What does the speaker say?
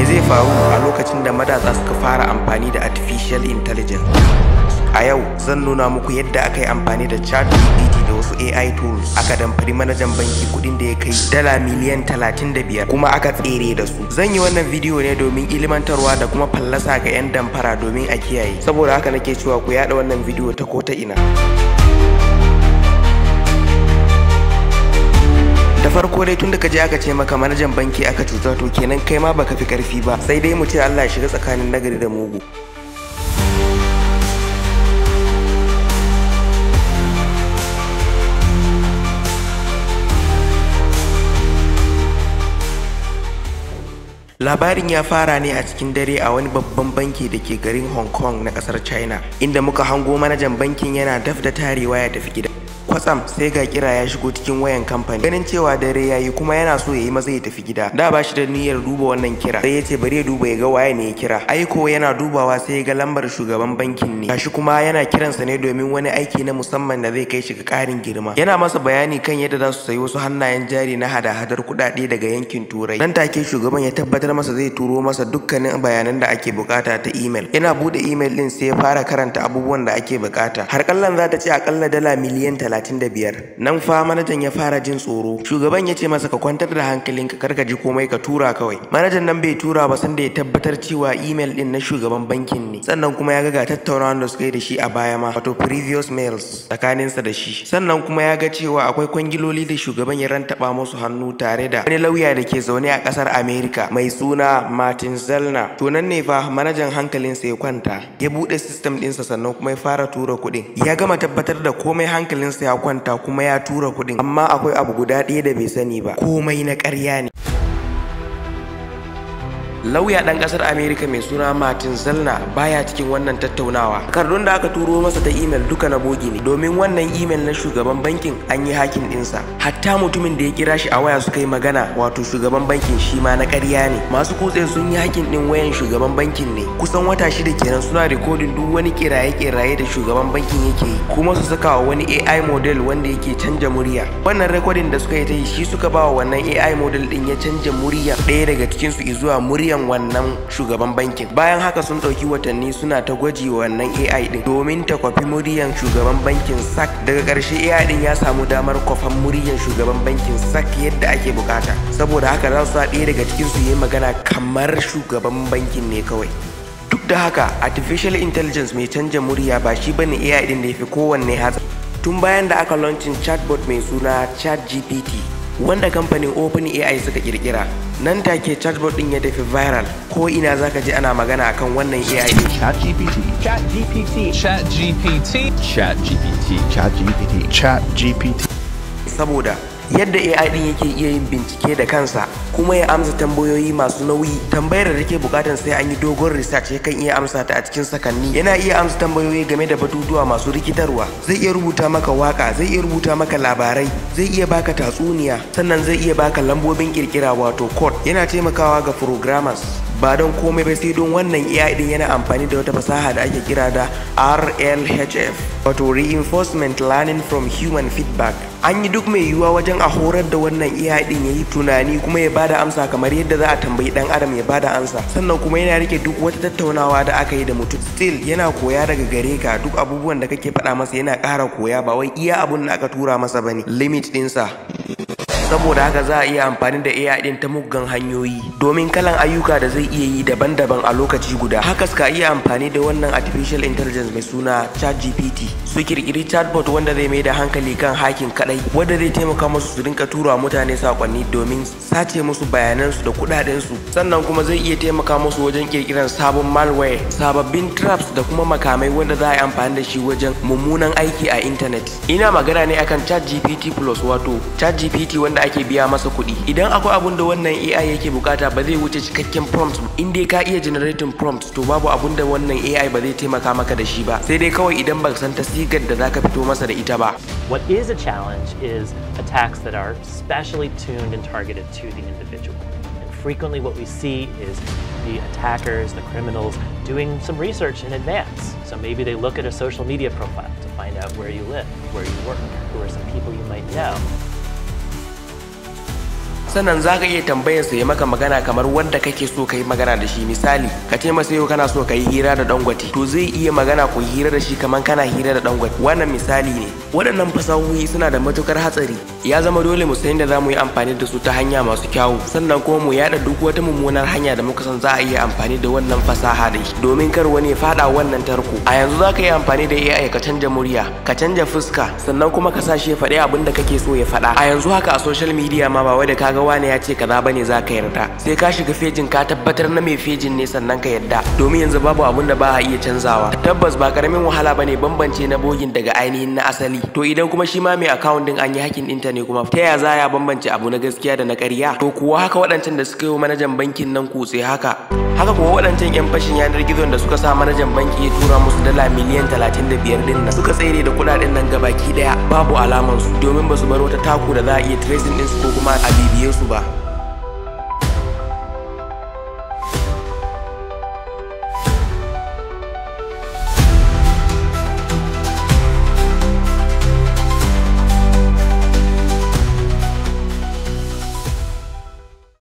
me zai faru a lokacin da matasa suka fara amfani da artificial intelligence a yau zan nuna muku yadda aka yi amfani da chat gpt da wasu ai tools aka damfari manajan banki kudin da ya kai dala miliyan 35 kuma aka tsere da su zan yi wannan bidiyo ne domin ilimantarwa da kuma fallasa ga 'yan damfara domin a kiyaye saboda haka nake cewa ku yada wannan bidiyo ta ko ta ina ko dai tun da ka je aka ce maka manajan banki aka cuta to kenan kai ma baka fi karfi ba sai dai mu ce Allah shiga tsakanin nagari da mugu labarin ya fara ne a cikin dare a wani babban banki da ke garin hong kong na kasar china inda muka hango manajan bankin yana daf da tarewa ya tafi gida kwatsam sai ga kira ya shigo cikin wayan kamfani ganin cewa dare ya yi kuma yana so ya yi maza ya tafi gida da ba da niyyar duba wannan kira sai ya ce bari ya duba ya ga waye ne ya kira aiko yana dubawa sai ya ga lambar shugaban bankin ne gashi kuma yana kiransa ne domin wani aiki na musamman da zai kai shi ga karin girma yana masa bayani kan yadda za su sayi wasu hannayen jari na hada-hadar kuɗaɗe daga yankin turai nan take shugaban ya tabbatar masa zai turo masa dukkanin bayanan da ake bukata ta email yana bude email din sai ya fara karanta abubuwan da ake bukata har kallan za ta a akalla dala miliyan 35 nan fa manajan ya fara jin tsoro shugaban ya ce masa ka kwantar da hankalinka kar ka ji komai ka tura kawai manajan nan bai tura ba sanda ya tabbatar cewa email din na shugaban bankin ne sannan kuma ya ga tattaunawa da suka yi da shi a baya ma wato previous mails tsakaninsa da shi sannan kuma ya ga cewa akwai kwangiloli da shugaban ya rantaba musu hannu tare da wani lauya da ke zaune a kasar America mai suna Martin Zellner to nan ne fa manajan hankalinsa ya kwanta ya buɗe system dinsa sannan kuma ya fara tura kuɗin ya gama tabbatar da komai hankalinsa ya kwanta kuma ya tura kuɗin amma akwai abu guda ɗaya da bai sani ba komai na ƙarya ne lauya ɗan ƙasar amerika mai suna martin zalna baya cikin wannan tattaunawa takardun da aka turo masa ta imel duka na bogi ne domin wannan imel na shugaban bankin an yi hakin ɗinsa hatta mutumin da ya kira shi a waya suka yi magana wato shugaban bankin shi ma na karya ne masu kutse sun yi hakin ɗin wayan shugaban bankin ne kusan wata shida kenan suna rikodin duk wani kiraye-kiraye da shugaban bankin yake yi kuma su saka wa wani ai model wanda yake canja murya wannan rekodin da suka yi ta yi shi suka ba wa wannan ai model din ya canja murya ɗaya daga cikinsu izuwa murya biyan wannan shugaban bankin bayan haka sun ɗauki watanni suna ta gwaji wannan ai din domin ta kwafi muryan shugaban bankin sac daga karshe ai din ya samu damar kwafan muryan shugaban bankin sac yadda ake bukata saboda haka za su ɗaya daga cikin su yi magana kamar shugaban bankin ne kawai duk da haka artificial intelligence mai canja murya ba shi bane ai din da ya fi kowanne hatsari tun bayan da aka launching chatbot mai suna chatgpt wanda kamfanin OpenAI suka kirkira nan take chatbot din ya tafi viral ko ina zaka ji ana magana akan wannan AI din ChatGPT ChatGPT ChatGPT ChatGPT ChatGPT ChatGPT saboda yadda AI din yake iya yin bincike da kansa kuma ya amsa tambayoyi masu nauyi tambayar da take bukatar sai an yi dogon research yakan iya amsa ta a cikin sakanni yana iya amsa tambayoyi game da batutuwa masu rikitarwa zai iya rubuta maka waka zai iya rubuta maka labarai zai iya baka tatsuniya sannan zai iya baka lambobin kirkira wato code yana taimakawa ga programmers ba don komai ba sai don wannan AI din yana amfani da wata fasaha da ake kira da RLHF wato reinforcement learning from human feedback an yi duk mai yiwuwa wajen a horar da wannan AI din yi tunani kuma ya bada amsa kamar yadda za a tambayi dan adam ya bada amsa sannan kuma yana rike duk wata tattaunawa da aka yi da mutum still yana koya daga gare ka duk abubuwan da kake faɗa masa yana ƙara koya ba wai iya abun da aka tura masa bane limit ɗinsa saboda haka za a iya amfani da AI din ta muggan hanyoyi domin kalan ayyuka da zai iya yi daban-daban a lokaci guda haka suka iya amfani da wannan artificial intelligence mai suna ChatGPT su kirkiri chatbot wanda zai mai da hankali kan hakin kadai wanda zai taimaka musu su rinka tura mutane sakonni domin sace musu bayanansu da kudadensu sannan kuma zai iya taimaka musu wajen kirkiran sabon malware sababbin traps da kuma makamai wanda za a yi amfani da shi wajen mummunan aiki a intanet ina magana ne akan ChatGPT plus wato ChatGPT ake biya masa kuɗi idan akwai abun da wannan AI yake bukata ba zai wuce cikakken prompt in dai ka iya generating prompt to babu abun da wannan AI ba zai taimaka maka da shi ba sai dai kawai idan san ta sigar da zaka fito masa da ita ba what is a challenge is attacks that are specially tuned and targeted to the individual frequently what we see is the attackers, the criminals, doing some research in advance. So maybe they look at a social media profile to find out where you live, where you work, who are some people you might know. sannan za ka iya tambayar sa ya maka magana kamar wanda kake so ka yi magana da shi misali ka ce masa yau kana so ka yi hira da dangote to zai iya magana ku hira da shi kamar kana hira da dangote wannan misali ne waɗannan fasahohi suna da matukar hatsari ya zama dole mu san da za mu yi amfani da su ta hanya masu kyawu sannan kuma mu yada duk wata mummunar hanya da muka san za a iya amfani da wannan fasaha da shi domin kar wani fada wannan tarko a yanzu za ka yi amfani da AI ka canja murya ka canja fuska sannan kuma ka sa shi ya faɗi abin da kake so ya faɗa a yanzu haka a social media ma ba wai da kaga wani ya ce kaza bane za ka yarda sai ka shiga fejin ka tabbatar na mai fejin ne sannan ka yarda domin yanzu babu abin da ba a iya canzawa tabbas ba karamin wahala bane bambance na bogin daga ainihin na asali to idan kuma shi ma mai account din an yi hakin internet mutane kuma ta yaya za ya bambance abu na gaskiya da na ƙarya to kuwa haka waɗancan da suka yi manajan bankin nan kutse haka haka kuwa waɗancan 'yan fashin yanar gizon da suka sa manajan banki ya tura musu dala miliyan 35 din nan suka tsere da kuɗaɗen nan gabaki ɗaya babu alamansu domin ba su bar wata taku da za a iya tracing su ko kuma a bibiye su ba